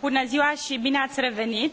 Bună ziua și bine ați revenit!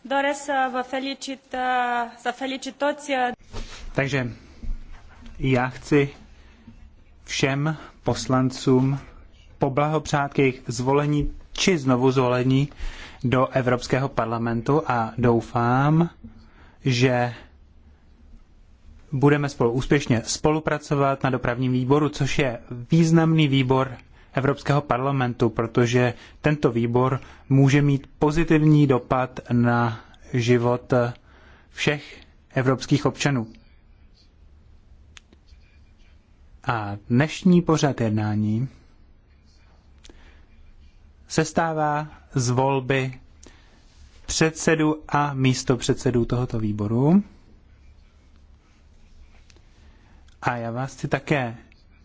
Doresc să vă felicit, uh, să felicit toți. Uh, Takže já chci všem poslancům poblahopřát k jejich zvolení či znovu zvolení do Evropského parlamentu a doufám, že budeme spolu úspěšně spolupracovat na dopravním výboru, což je významný výbor Evropského parlamentu, protože tento výbor může mít pozitivní dopad na život všech evropských občanů. A dnešní pořad jednání sestává z volby předsedu a místopředsedů tohoto výboru. A já vás chci také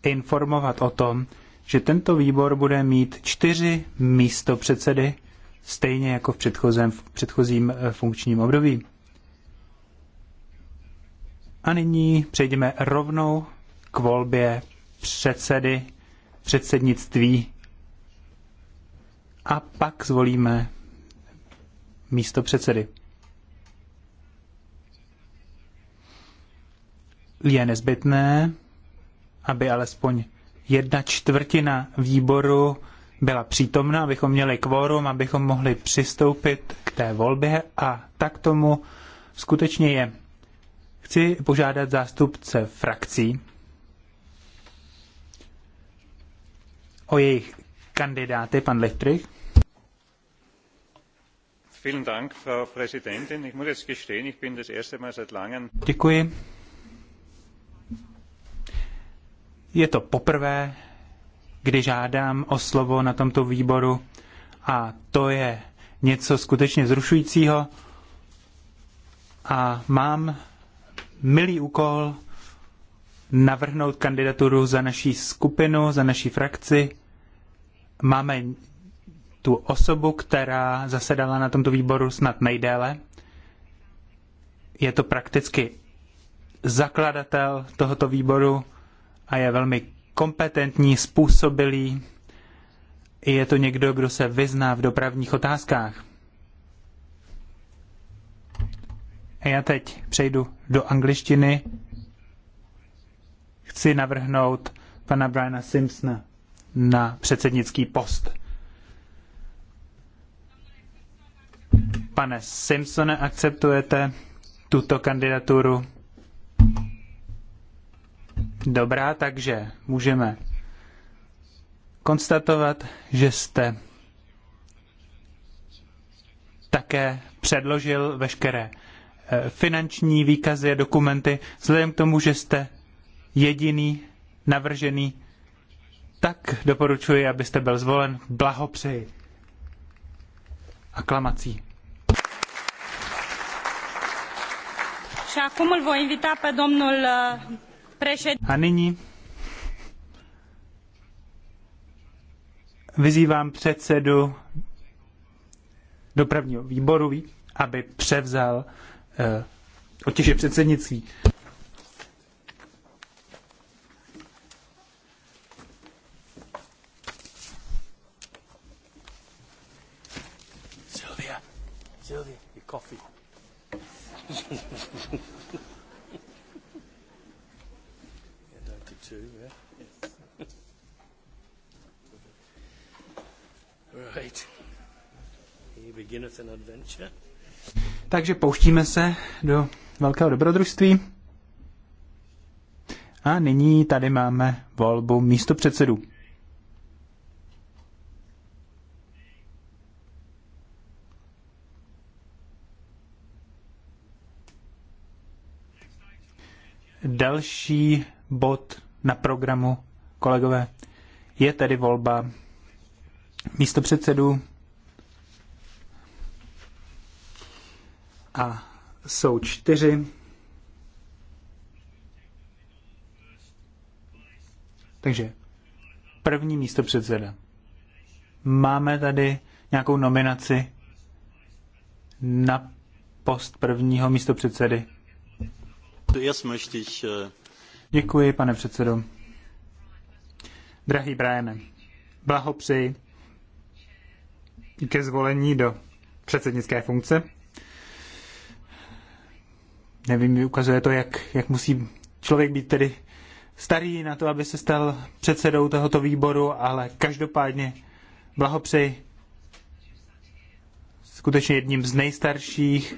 informovat o tom, že tento výbor bude mít čtyři místo předsedy, stejně jako v předchozím, v předchozím eh, funkčním období. A nyní přejdeme rovnou k volbě předsedy předsednictví a pak zvolíme místo předsedy. je nezbytné, aby alespoň jedna čtvrtina výboru byla přítomna, abychom měli kvórum, abychom mohli přistoupit k té volbě a tak tomu skutečně je. Chci požádat zástupce frakcí o jejich kandidáty, pan Lichtrich. Děkuji. Je to poprvé, kdy žádám o slovo na tomto výboru a to je něco skutečně zrušujícího a mám milý úkol navrhnout kandidaturu za naší skupinu, za naší frakci. Máme tu osobu, která zasedala na tomto výboru snad nejdéle. Je to prakticky zakladatel tohoto výboru, a je velmi kompetentní, způsobilý. Je to někdo, kdo se vyzná v dopravních otázkách. A já teď přejdu do angličtiny. Chci navrhnout pana Briana Simpsona na předsednický post. Pane Simpsone, akceptujete tuto kandidaturu? Dobrá, takže můžeme konstatovat, že jste také předložil veškeré eh, finanční výkazy a dokumenty, vzhledem k tomu, že jste jediný navržený, tak doporučuji, abyste byl zvolen. Blahopřeji. Aklamací. Și acum îl voi invita pe domnul eh, a nyní vyzývám předsedu dopravního výboru, aby převzal uh, eh, otěže předsednictví. Sylvia, Sylvia, your coffee. Takže pouštíme se do velkého dobrodružství. A nyní tady máme volbu místo předsedů. Další bod na programu, kolegové, je tedy volba místo předsedů a jsou čtyři. Takže první místo předseda. Máme tady nějakou nominaci na post prvního místo předsedy. Äh, Děkuji, pane předsedo. Drahý Brian, blahopřeji ke zvolení do předsednické funkce nevím, ukazuje to, jak, jak musí člověk být tedy starý na to, aby se stal předsedou tohoto výboru, ale každopádně blahopřeji skutečně jedním z nejstarších,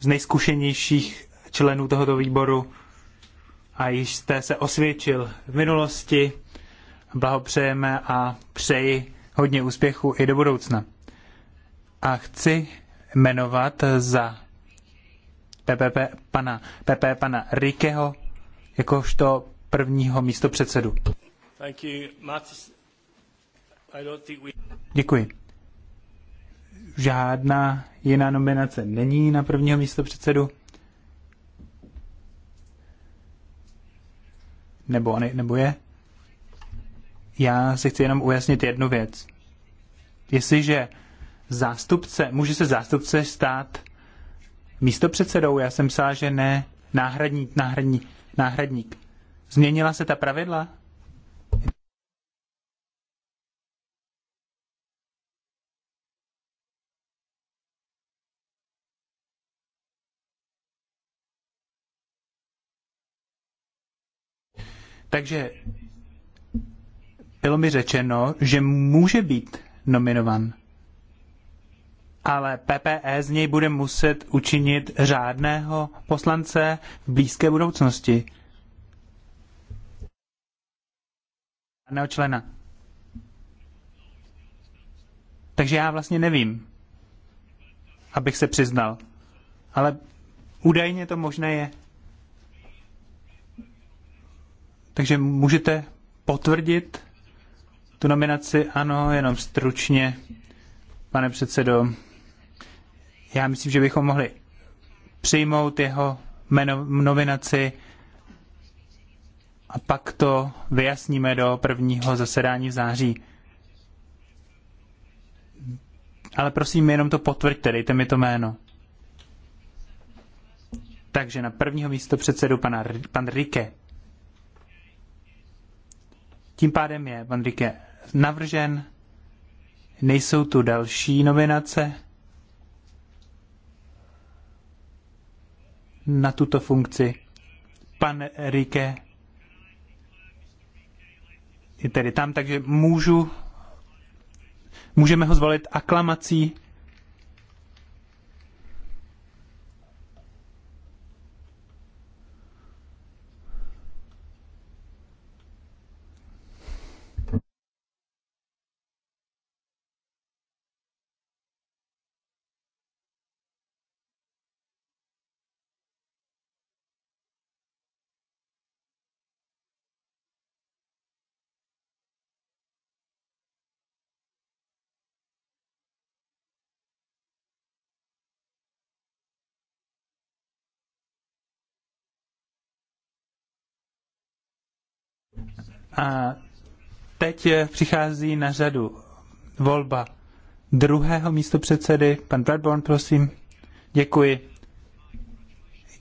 z nejzkušenějších členů tohoto výboru a již jste se osvědčil v minulosti. Blahopřejeme a přeji hodně úspěchu i do budoucna. A chci jmenovat za PPP pana, PP pana Rikeho jakožto prvního místo předsedu. Děkuji. Žádná jiná nominace není na prvního místo předsedu. Nebo, ne, nebo je? Já si chci jenom ujasnit jednu věc. Jestliže zástupce, může se zástupce stát místo předsedou. Já jsem psal, že ne, náhradník, náhradník, náhradník. Změnila se ta pravidla? Takže bylo mi řečeno, že může být nominovan ale PPE z něj bude muset učinit řádného poslance v blízké budoucnosti. Řádného člena. Takže já vlastně nevím, abych se přiznal. Ale údajně to možné je. Takže můžete potvrdit tu nominaci? Ano, jenom stručně, pane předsedo. Já myslím, že bychom mohli přijmout jeho nominaci a pak to vyjasníme do prvního zasedání v září. Ale prosím, jenom to potvrďte, dejte mi to jméno. Takže na prvního místo předsedu pana, pan Rike. Tím pádem je pan Rike navržen, nejsou tu další nominace. na tuto funkci pan Rike je tedy tam, takže můžu, můžeme ho zvolit aklamací A teď přichází na řadu volba druhého místo předsedy. Pan Bradborn, prosím. Děkuji.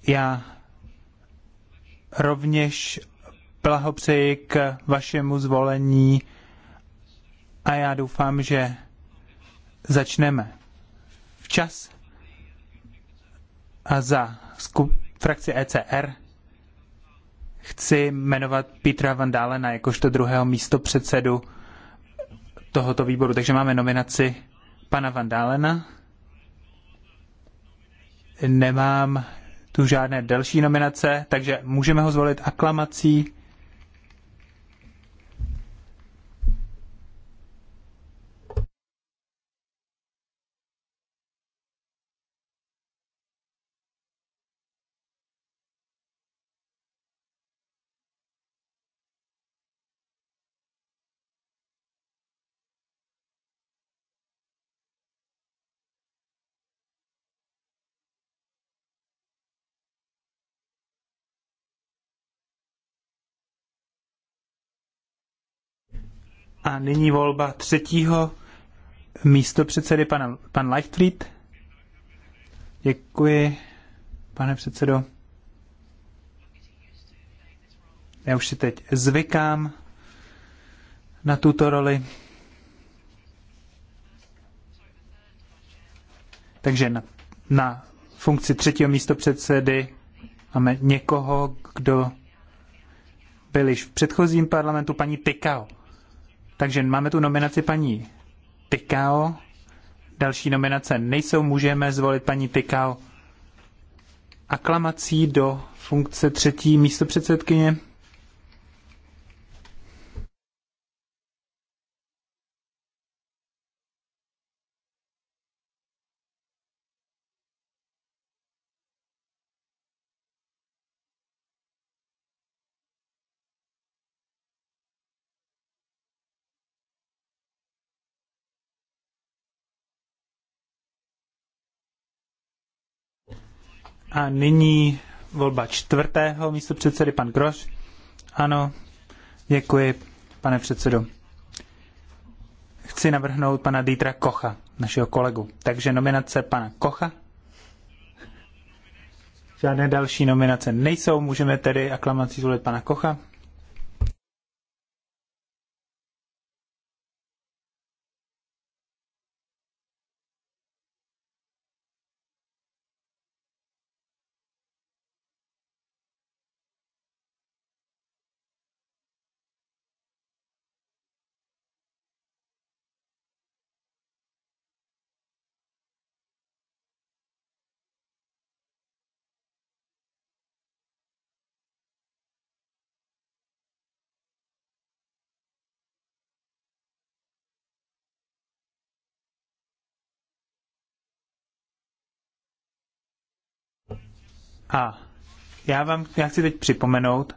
Já rovněž blahopřeji k vašemu zvolení a já doufám, že začneme včas a za frakci ECR chci jmenovat Petra Van Dalena jakožto druhého místo předsedu tohoto výboru. Takže máme nominaci pana Van Dalena. Nemám tu žádné další nominace, takže můžeme ho zvolit aklamací. A nyní volba třetího místo předsedy pana, pan Leichtfried. Děkuji, pane předsedo. Já už si teď zvykám na tuto roli. Takže na, na funkci třetího místo předsedy máme někoho, kdo byl již v předchozím parlamentu, paní Tykao. Takže máme tu nominaci paní Tykao. Další nominace nejsou, můžeme zvolit paní Tykao aklamací do funkce třetí místo předsedkyně. A nyní volba čtvrtého místo předsedy, pan Groš. Ano, děkuji, pane předsedo. Chci navrhnout pana Dítra Kocha, našeho kolegu. Takže nominace pana Kocha. Žádné další nominace nejsou, můžeme tedy aklamací zvolit pana Kocha. A já vám já chci teď připomenout,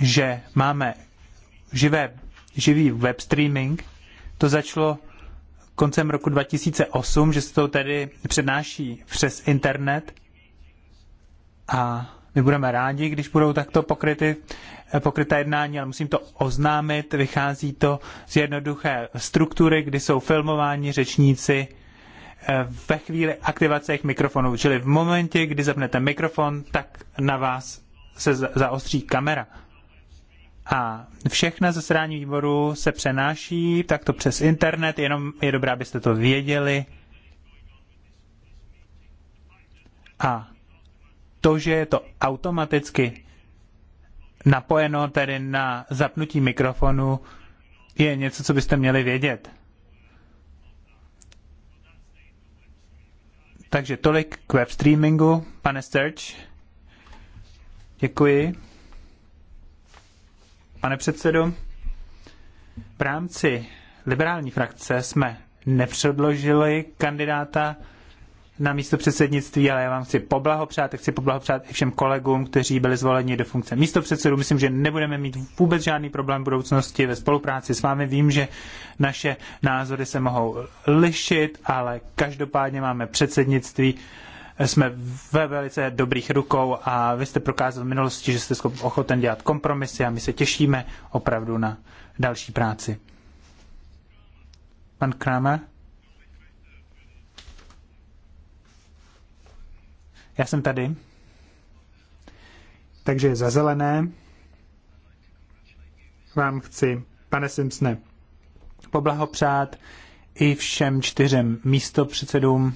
že máme živé, živý web streaming. To začalo koncem roku 2008, že se to tedy přednáší přes internet. A my budeme rádi, když budou takto pokryty, pokryta jednání, ale musím to oznámit. Vychází to z jednoduché struktury, kdy jsou filmováni řečníci Eh, ve chvíli aktivace jejich mikrofonů. Čili v momentě, kdy zapnete mikrofon, tak na vás se zaostří kamera. A všechna zasedání výboru se přenáší takto přes internet, jenom je dobré, abyste to věděli. A to, že je to automaticky napojeno tedy na zapnutí mikrofonu, je něco, co byste měli vědět. Takže tolik k web streamingu. Pane Search, děkuji. Pane předsedo, v rámci liberální frakce jsme nepředložili kandidáta na místo předsednictví, ale já vám chci poblahopřát a chci poblahopřát i všem kolegům, kteří byli zvoleni do funkce místo předsedu. Myslím, že nebudeme mít vůbec žádný problém v budoucnosti ve spolupráci s vámi. Vím, že naše názory se mohou lišit, ale každopádně máme předsednictví jsme ve velice dobrých rukou a vy jste prokázal v minulosti, že jste ochoten dělat kompromisy a my se těšíme opravdu na další práci. Pan Kramer? Já jsem tady. Takže za zelené vám chci, pane Simpsone, poblahopřát i všem čtyřem místopředsedům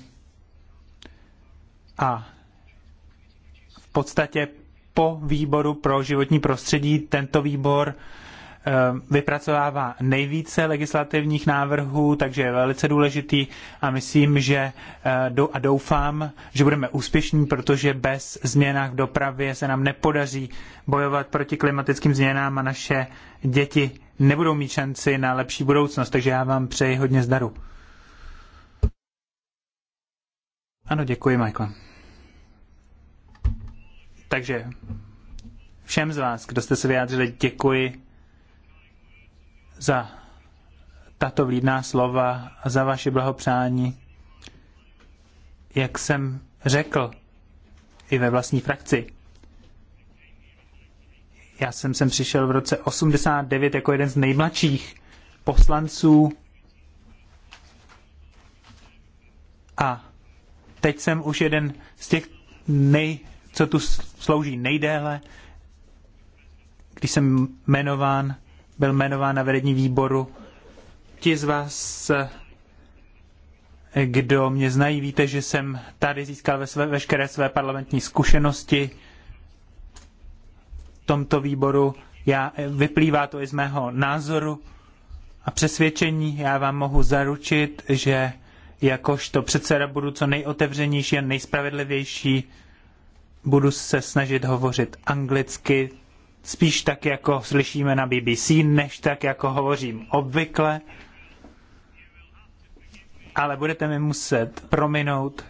a v podstatě po výboru pro životní prostředí tento výbor Eh, vypracovává nejvíce legislativních návrhů, takže je velice důležitý a myslím, že eh, a doufám, že budeme úspěšní, protože bez změnách v dopravě se nám nepodaří bojovat proti klimatickým změnám a naše děti nebudou mít šanci na lepší budoucnost, takže já vám přeji hodně zdaru. Ano, děkuji, Michael. Takže všem z vás, kdo jste se vyjádřili, děkuji za tato vlídná slova a za vaše blahopřání. Jak jsem řekl, i ve vlastní frakci. Já jsem sem přišel v roce 89 jako jeden z nejmladších poslanců a teď jsem už jeden z těch nej, co tu slouží nejdéle, když jsem jmenován byl jmenován na vedení výboru. Ti z vás, kdo mě znají, víte, že jsem tady získal ve své, veškeré své parlamentní zkušenosti v tomto výboru. Já, vyplývá to i z mého názoru a přesvědčení. Já vám mohu zaručit, že jakožto předseda budu co nejotevřenější a nejspravedlivější. Budu se snažit hovořit anglicky, spíš tak, jako slyšíme na BBC, než tak, jako hovořím obvykle. Ale budete mi muset prominout,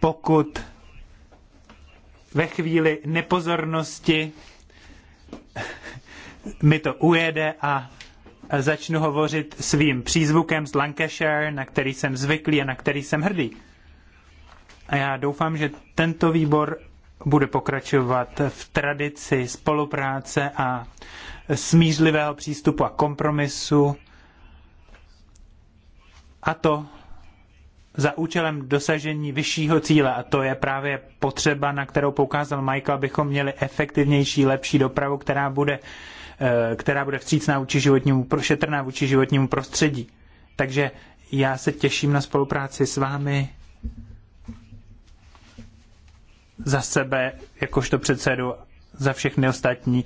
pokud ve chvíli nepozornosti mi to ujede a začnu hovořit svým přízvukem z Lancashire, na který jsem zvyklý a na který jsem hrdý. A já doufám, že tento výbor bude pokračovat v tradici spolupráce a smířlivého přístupu a kompromisu, a to za účelem dosažení vyššího cíle, a to je právě potřeba, na kterou poukázal Michael, abychom měli efektivnější, lepší dopravu, která bude, eh, která bude vstřícná vůči životnímu, šetrná vůči životnímu prostředí. Takže já se těším na spolupráci s vámi za sebe, jakožto předsedu, za všechny ostatní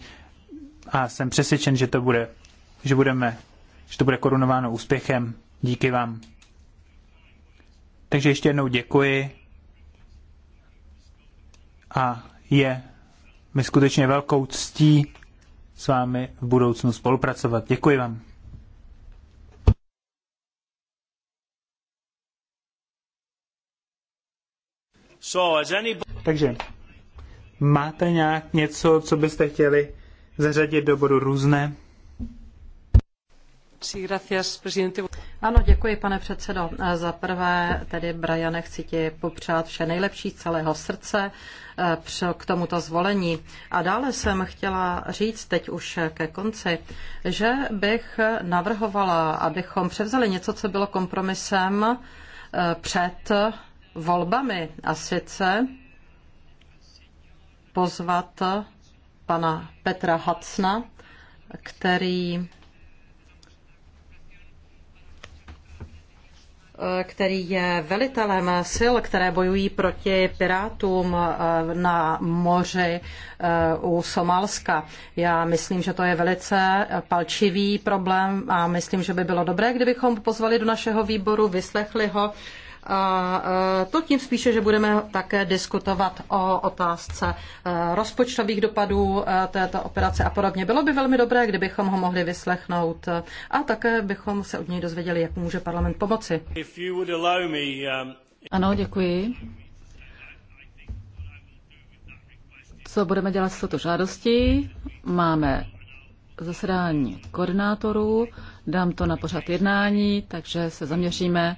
a jsem přesvědčen, že to bude, že budeme, že to bude korunováno úspěchem. Díky vám. Takže ještě jednou děkuji a je mi skutečně velkou ctí s vámi v budoucnu spolupracovat. Děkuji vám. Takže máte nějak něco, co byste chtěli zařadit do bodu různé? Ano, děkuji, pane předsedo. Za prvé, tedy Brajane, chci ti popřát vše nejlepší z celého srdce eh, k tomuto zvolení. A dále jsem chtěla říct teď už ke konci, že bych navrhovala, abychom převzali něco, co bylo kompromisem eh, před volbami a sice pozvat pana Petra Hacna, který který je velitelem sil, které bojují proti pirátům eh, na moři eh, u Somálska. Já myslím, že to je velice palčivý problém a myslím, že by bylo dobré, kdybychom pozvali do našeho výboru, vyslechli ho a e, to tím spíše, že budeme také diskutovat o otázce e, rozpočtových dopadů e, této operace a podobně. Bylo by velmi dobré, kdybychom ho mohli vyslechnout a také bychom se od něj dozvěděli, jak může parlament pomoci. Um, ano, děkuji. Co budeme dělat s touto žádostí? Máme zasedání koordinátorů, dám to na pořad jednání, takže se zaměříme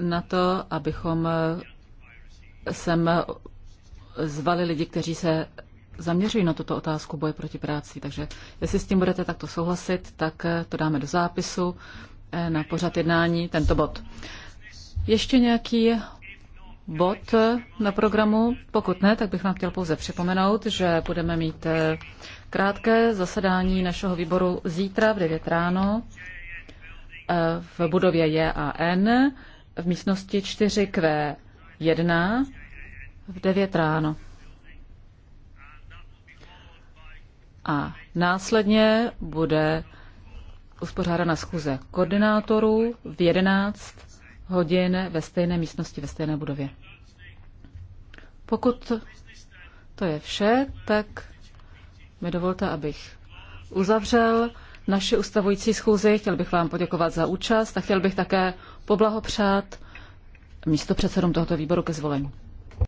na to, abychom eh, sem eh, zvali lidi, kteří se zaměřují na tuto otázku boje proti práci. Takže jestli s tím budete takto souhlasit, tak eh, to dáme do zápisu na pořad jednání tento bod. Ještě nějaký bod na programu? Pokud ne, tak bych vám chtěl pouze připomenout, že budeme mít krátké zasedání našeho výboru zítra v 9 ráno v budově JAN v místnosti 4Q1 v 9 ráno. A následně bude uspořádána schůze koordinátorů v 11 hodin ve stejné místnosti, ve stejné budově. Pokud to je vše, tak mi dovolte, abych uzavřel naše ustavující schůzi. Chtěl bych vám poděkovat za účast a chtěl bych také poblahopřát místo předsedům tohoto výboru ke zvolení.